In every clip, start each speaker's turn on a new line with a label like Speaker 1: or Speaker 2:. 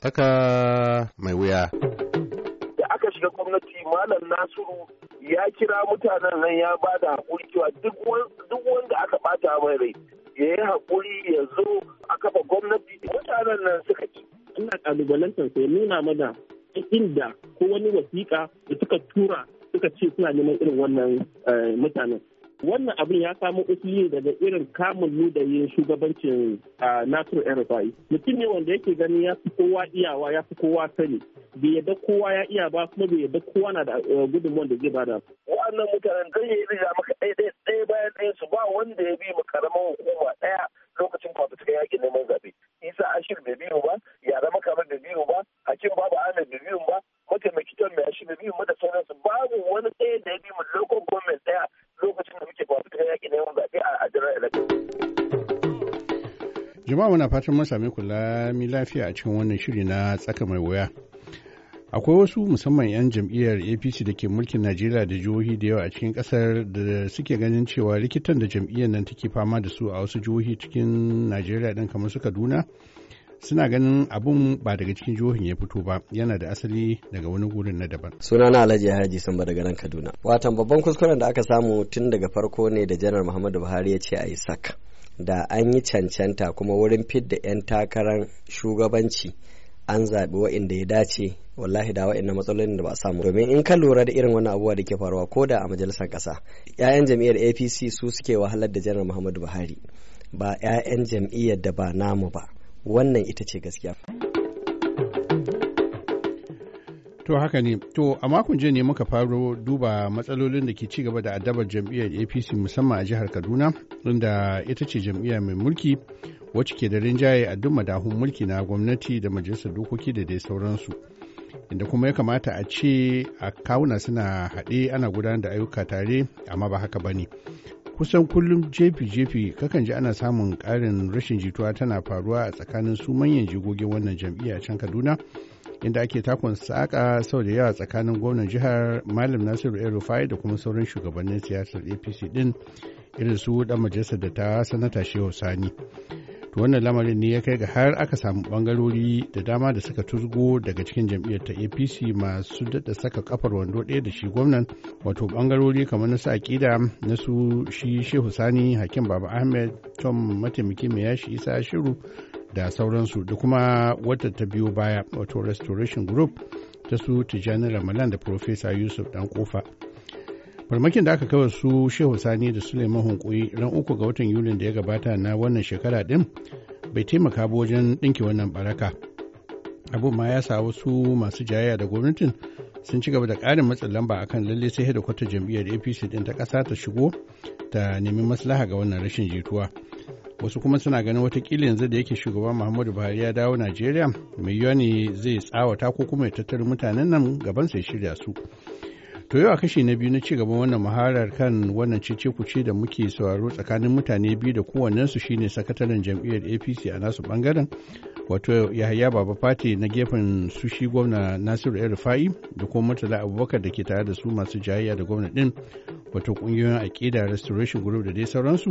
Speaker 1: Tsaka mai wuya.
Speaker 2: Da aka shiga gwamnati Malam Nasiru ya kira mutanen nan ya ba da haƙuri cewa duk wanda aka ɓata mai rai ya yi haƙuri ya zo a kafa gwamnati mutanen nan suka ci. Ina
Speaker 3: ƙalubalantar sai nuna mana inda ko wani wasiƙa da suka tura suka ce suna neman irin wannan eh, mutanen. wannan abin ya samo usuli daga irin kamun da yin shugabancin nasiru rfi mutum ne wanda yake gani ya fi kowa iyawa ya fi kowa sani bai yadda kowa ya iya ba kuma bai yadda kowa na da eh, gudunmuwan da zai bada
Speaker 2: wannan mutanen zai yi rija maka ɗaya bayan ɗaya su ba wanda ya bi mu karamar hukuma ɗaya lokacin fafutukan yakin neman zaɓe isa ashir bai biyu ba yara
Speaker 1: jama'a muna fatan mun sami kula mi lafiya a cikin wannan shiri na tsaka mai wuya akwai wasu musamman 'yan jam'iyyar apc da ke mulkin najeriya da jihohi da yawa a cikin kasar da suke ganin cewa likitan da jam'iyyar nan take fama da su a wasu jihohi cikin najeriya din kamar su kaduna suna ganin abun ba daga cikin jihohin ya fito ba yana da asali daga wani gurin na daban.
Speaker 3: sunana alhaji haji samba daga nan kaduna watan babban kuskuren da aka samu tun daga farko ne da janar muhammadu buhari ya ce a yi saka da an yi cancanta kuma wurin fidda 'yan takarar shugabanci an zaɓi wa'inda ya dace wallahi da wa'in matsalolin da ba a samu domin in ka lura da irin wani abubuwa da ke faruwa ko da a majalisar ƙasa 'ya'yan jam'iyyar apc su suke wahalar da janar muhammadu buhari ba 'ya'yan jam'iyyar da ba namu ba wannan ita ce gaskiya.
Speaker 1: To haka ne, to a makon jiya ne muka faro duba matsalolin da ke ci gaba da addabar jam'iyyar APC musamman a jihar Kaduna, inda ita ce jam'iyya mai mulki wacce ke da rinjaye a duk madahun mulki na gwamnati da majalisar dokoki da dai sauransu. Inda kuma ya kamata a ce a kawuna suna haɗe ana gudanar da ayyuka tare amma ba haka bane. Kusan kullum jefi-jefi kakan ji ana samun ƙarin rashin jituwa tana faruwa a tsakanin su manyan jigogin wannan jam'iyya can Kaduna. inda ake takon saƙa sau da yawa tsakanin gwamnan jihar malam nasiru el da kuma sauran shugabannin siyasar apc din irin su dan majalisar da ta sanata shehu sani to wannan lamarin ne ya kai ga har aka samu bangarori da dama da suka tuzgo daga cikin jam'iyyar ta apc masu daɗa saka kafar wando ɗaya da shi gwamnan wato bangarori kamar na su aƙida na su shi shehu sani hakim baba ahmed tom mataimaki mai yashi isa shiru da sauransu da kuma wata ta biyo baya wato restoration group ta su tijjani ramadan da profesa yusuf dan kofa farmakin da aka kawar su shehu sani da suleiman hunkuyi ran uku ga watan yulin da ya gabata na wannan shekara din bai taimaka ba wajen ɗinki wannan baraka abu ma ya sa wasu masu jayayya da gwamnatin sun ci gaba da ƙarin matsin lamba akan lalle sai da kwata jam'iyyar apc din ta ƙasa ta shigo ta nemi maslaha ga wannan rashin jituwa wasu kuma suna ganin watakila yanzu da yake shugaban muhammadu buhari ya dawo najeriya mai yiwuwa ne zai tsawata ko kuma ya tattara mutanen nan gaban sai shirya su to yau a kashi na biyu na ci gaban wannan muharar kan wannan cece kuce da muke sauraro tsakanin mutane biyu da kowannensu shine sakataren jam'iyyar apc a nasu bangaren wato yahaya baba fati na gefen sushi gwamna nasiru el rufa'i da kuma murtala abubakar da ke tare da su masu jayayya da gwamna din wato kungiyoyin aƙida restoration group da dai sauransu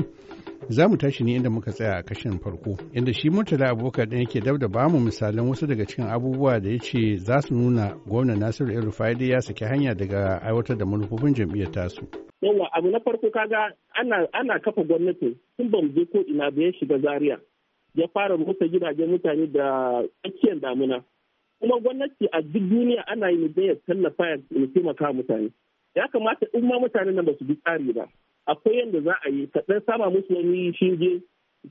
Speaker 1: za mu tashi ne inda muka tsaya a kashin farko inda shi murtala abubakar din yake dab da ba mu misalan wasu daga cikin abubuwa da ya ce za su nuna gwamna nasiru el rufa'i dai ya saki hanya daga aiwatar da manufofin jam'iyyar tasu
Speaker 3: yawa abu na farko kaga ana kafa gwamnati tun ba je ko ina ba ya shiga zaria ya fara rusa gidajen mutane da tsakiyar damuna kuma gwamnati a duk duniya ana yi da ya tallafa ya taimaka mutane ya kamata in ma mutanen nan ba su bi tsari ba akwai yadda za a yi ka dan sama musu wani shinge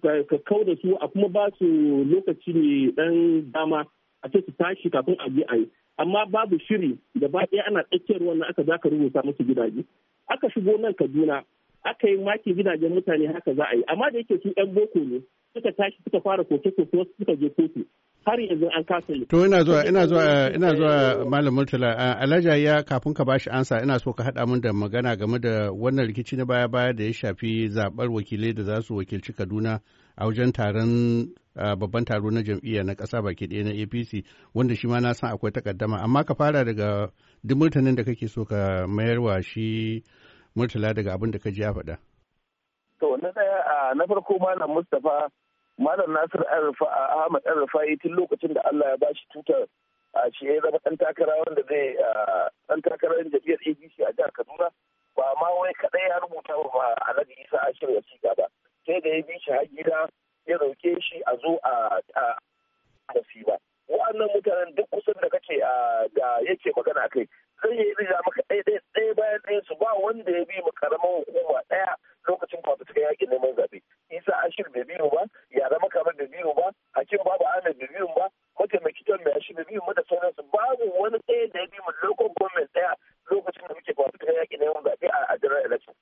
Speaker 3: ka kau da su a kuma ba su lokaci ne dan dama a ce su tashi kafin a je a yi amma babu shiri da ba ɗaya ana tsakiyar wannan aka za ka rubuta musu gidaje aka shigo nan kaduna aka yi maki gidajen mutane haka za a yi amma da yake su yan boko ne suka tashi suka fara koke-koke wasu suka je kotu har yanzu an kasa To ina zuwa ina zuwa
Speaker 1: ina zuwa Malam Murtala alhaji ya kafin ka bashi ansa ina so ka haɗa mun da magana game da wannan rikici na baya-baya da ya shafi zaɓar wakilai da za su wakilci Kaduna a wajen taron babban taro na jam'iyya na ƙasa baki ɗaya na APC wanda shi ma na san akwai takaddama amma ka fara daga duk da kake so ka mayarwa shi Murtala daga abin da ka ji a faɗa.
Speaker 2: To na ɗaya na farko Malam Mustapha Malam Nasir Ahmad Arfa'i tun lokacin da Allah ya bashi tutar a shi ya zama ɗan takara wanda zai ɗan takarar jam'iyyar ABC a jihar Kaduna ba ma wai kadai ya rubuta wa Alhaji Isa Ashir wasiƙa ba sai da ya bi shi har gida ya roƙe shi a zo a tafi waɗannan mutanen duk kusan da kake a ga yake magana kai zai yi rija maka ɗaya ɗaya bayan ɗaya su ba wanda ya bi mu karamar hukuma ɗaya lokacin fafutuka yakin neman zaɓe isa ashir da biyu ba yara makamar da biyu ba hakim babu ahmed da biyu ba mataimakitan mai ashir da biyu ba da sauransu babu wani ɗaya da ya bi mu lokacin gwamnati ɗaya lokacin da muke fafutuka yakin neman zaɓe a jiran election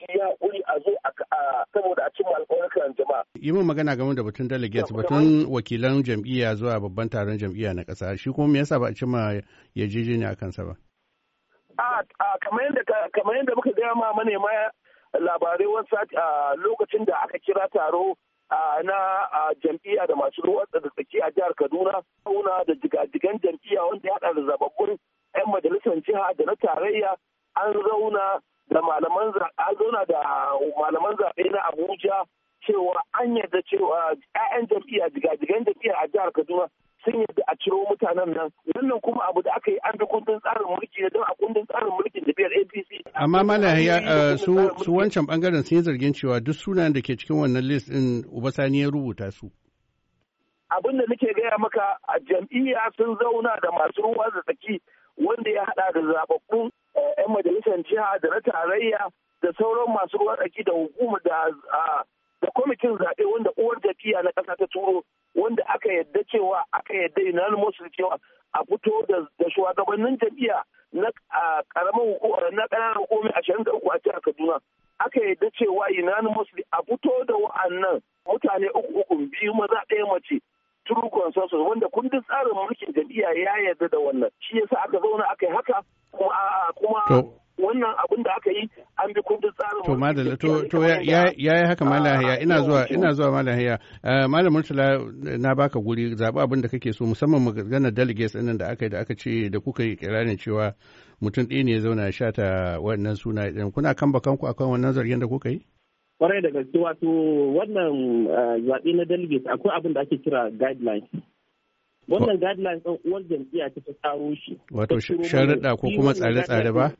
Speaker 2: shi ya kuri a zo saboda a cimma
Speaker 1: alƙawarin jama'a. Yi min magana game da batun delegates batun wakilan jam'iyya zuwa babban taron jam'iyya na ƙasa shi kuma me yasa ba a cimma yarjejeniya a kansa ba.
Speaker 2: A kamar yadda muka gaya ma manema labarai wasu a lokacin da aka kira taro na jam'iyya da masu ruwa da tsaki a jihar Kaduna, kauna da jigajigan jam'iyya wanda ya haɗa da zababbun 'yan majalisar jiha da na tarayya an zauna da malaman zaɓe da malaman zaɓe na Abuja cewa an yarda cewa 'ya'yan jam'iyya jigajigan jam'iyya a jihar Kaduna sun yadda a ciro mutanen nan wannan kuma abu da aka yi an da kundin tsarin mulki ne don a kundin tsarin mulkin biyar APC.
Speaker 1: Amma mana uh, su wancan bangaren sun yi zargin cewa duk sunayen da ke cikin wannan list din Ubasani ya rubuta su.
Speaker 2: Abin da nake gaya maka a jam'iyya sun zauna da masu ruwa da tsaki wanda ya haɗa da zababbun 'yan majalisar jiha da na tarayya da sauran masu waraki da hukuma da da kwamitin zaɓe wanda uwar tafiya na ƙasa ta turo wanda aka yadda cewa aka yadda unanimous cewa a fito da shugabannin jam'iyya na ƙaramin hukumar na ƙananan hukumomi ashirin da uku a jihar Kaduna aka yadda cewa unanimous a fito da wa'annan mutane uku uku biyu maza ɗaya mace true consensus wanda kundin tsarin mulkin jam'iyya ya yarda da wannan shi yasa aka zauna aka yi haka kuma wannan abin da aka yi an bi kundin tsarin
Speaker 1: to madalla to to ya yi haka malam Haya, ina zuwa ina zuwa malahaya malam murtala na baka guri zaɓi abin da kake so musamman gana delegates ɗin da aka yi da aka ce da kuka yi kirarin cewa mutum ɗaya ne ya zauna ya shata wannan suna ɗin kuna kan bakanku akan wannan zargin da kuka yi
Speaker 3: kwarai da gaske wato wannan eh, zaɓe na delegates akwai abin da ake kira guidelines wannan guidelines ɗin uwar jam'iyya ta ta tsaro shi
Speaker 1: wato sharuɗa ko kuma tsare-tsare ba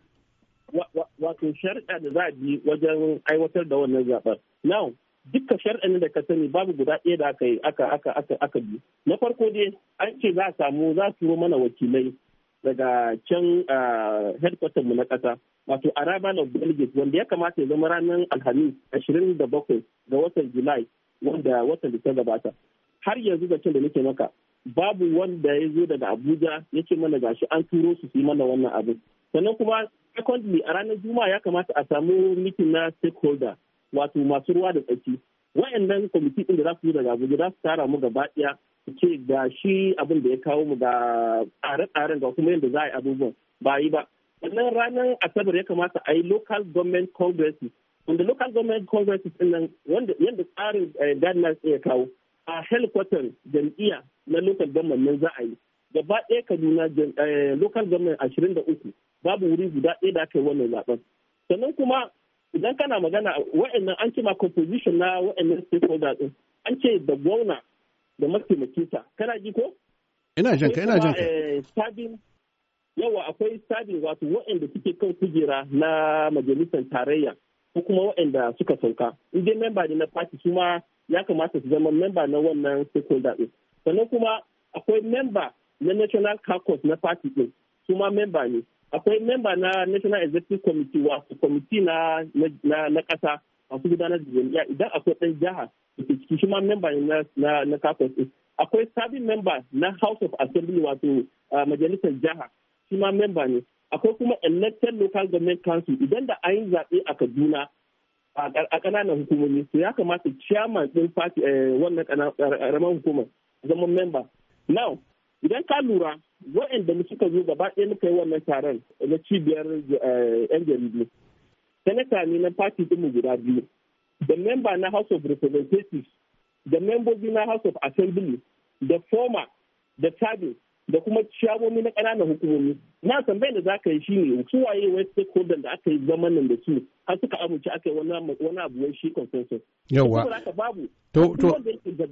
Speaker 3: wato sharuɗa da za a bi wajen aiwatar da wannan zaɓen now dukkan shar'ani da ka sani babu guda ɗaya da aka yi aka aka aka aka bi na farko dai an ce za a samu za su turo mana wakilai daga can headquarter mu na ƙasa wato araba na belgium wanda ya kamata ya zama ranar alhamis ashirin da bakwai ga watan july wanda watan da ta gabata har yanzu da da nake maka babu wanda ya zo daga abuja ya ce mana gashi an turo su yi mana wannan abin sannan kuma secondly a ranar juma'a ya kamata a samu mitin na stakeholder wato masu ruwa da tsaki wayannan kwamiti ɗin da za su yi daga abuja za su tara mu gaba ɗaya su ce ga abin da ya kawo mu ga tsare-tsaren ga kuma yadda za a yi abubuwan ba yi ba sannan ranar asabar ya kamata a yi local government congress wanda local government congress din nan yadda tsarin eh, guidelines ya kawo a helkwatan jam'iyya na local government nan za a yi gaba ɗaya kaduna eh, local government ashirin da uku babu wuri guda ɗaya da aka yi wannan zaben sannan kuma idan kana magana wa'annan an ce ma composition na wa'annan stakeholders din an ce da gwamna da mataimakinsa kana ji ko
Speaker 1: ina jin ka ina jin ka
Speaker 3: eh, sabin yawa akwai sabin wato wa'anda suke kan kujera na majalisar tarayya ko kuma wa'anda suka sauka in dai memba ne na party su ma ya kamata su zama memba na wannan stakeholder din sannan kuma akwai memba na national caucus na party din su ma memba ne akwai memba na national executive committee wa committee na na kasa masu gudanar da jami'a idan akwai ɗan jiha da ke ciki shi ma memba ne na caucus din akwai sabin memba na house of assembly wato majalisar jiha shi ma memba ne akwai kuma elected local government council idan da an yi zaɓe a kaduna a ƙananan hukumomi su ya kamata chairman ɗin fati eh, wannan ƙaramin hukumar zama memba now idan ka lura waɗanda mu suka zo gaba ɗaya muka yi wannan taron na cibiyar yan eh, jaridu senator ne na fati ɗinmu guda biyu da memba na house of representatives da membobi na house of assembly da former da service da kuma shagomi na ƙananan hukumomi na tambayar da za ka yi shine su waye wai stakeholder da aka yi zaman nan da su har suka amince aka yi wani abu wai shi consensus yawa babu to to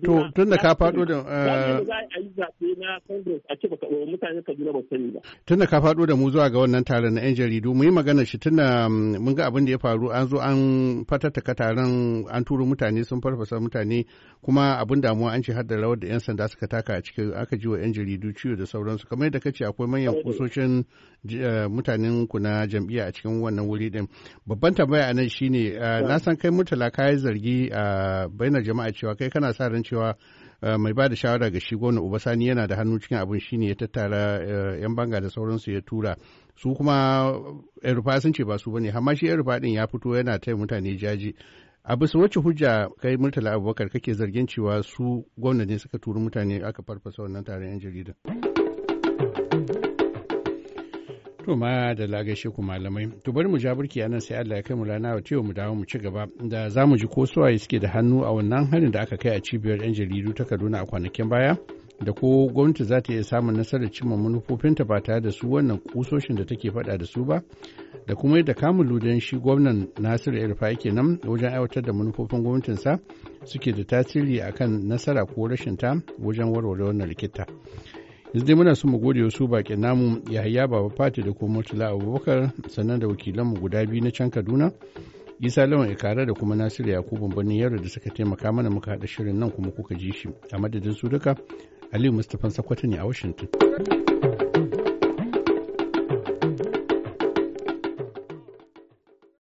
Speaker 3: to tun da ka fado da a yi zaɓe na congress a ce mutane kaduna ba sani ba
Speaker 1: tun da ka fado da mu zuwa ga wannan taron na 'yan jaridu mu yi magana shi tunda mm, mun ga abin da ya faru an zo an fatattaka taron an turo mutane sun farfasa mutane kuma abin damuwa an ce har da rawar da 'yan sanda suka taka a cikin aka ji wa 'yan jaridu ciwo da sauransu kamar yadda kace akwai manyan kusoshin eh, mutanen ku na jam'iyya a cikin wannan wuri din babban tambaya a nan shine eh, na san kai murtala kayi zargi a bainar jama'a cewa kai kana sa ran cewa eh, mai ba da shawara ga shi gwamna Sani yana da hannu cikin abin shine ya tattara 'yan banga da sauransu ya tura su kuma 'yan sun ce ba su bane amma shi yarufa din ya fito yana taya mutane jaji a bisa wacce hujja kai murtala abubakar kake zargin cewa su gwamnati suka turi mutane aka farfasa wannan taron yan jarida to ma da lagashe ku malamai to bari mu ja burki anan sai Allah ya kai mu rana wa mu dawo mu ci gaba da za mu ji ko suwaye suke da hannu a wannan harin da aka kai a cibiyar yan jaridu ta Kaduna a kwanakin baya da ko gwamnati za ta iya samun nasarar cimma manufofinta ba tare da su wannan kusoshin da take faɗa da su ba da kuma yadda kamun ludan shi gwamnan nasiru irfa yake nan wajen aiwatar da manufofin gwamnatinsa suke da tasiri a kan nasara ko rashin ta wajen warware wannan rikita yanzu dai muna son mu gode wasu bakin namu yahaya baba fati da kuma murtala abubakar sannan da wakilanmu guda biyu na can kaduna isa lawan ikara da kuma nasiru yakubu birnin yaro da suka taimaka mana muka haɗa shirin nan kuma kuka ji shi a madadin su duka Aliyu Mustapha Sakwato ne a Washington.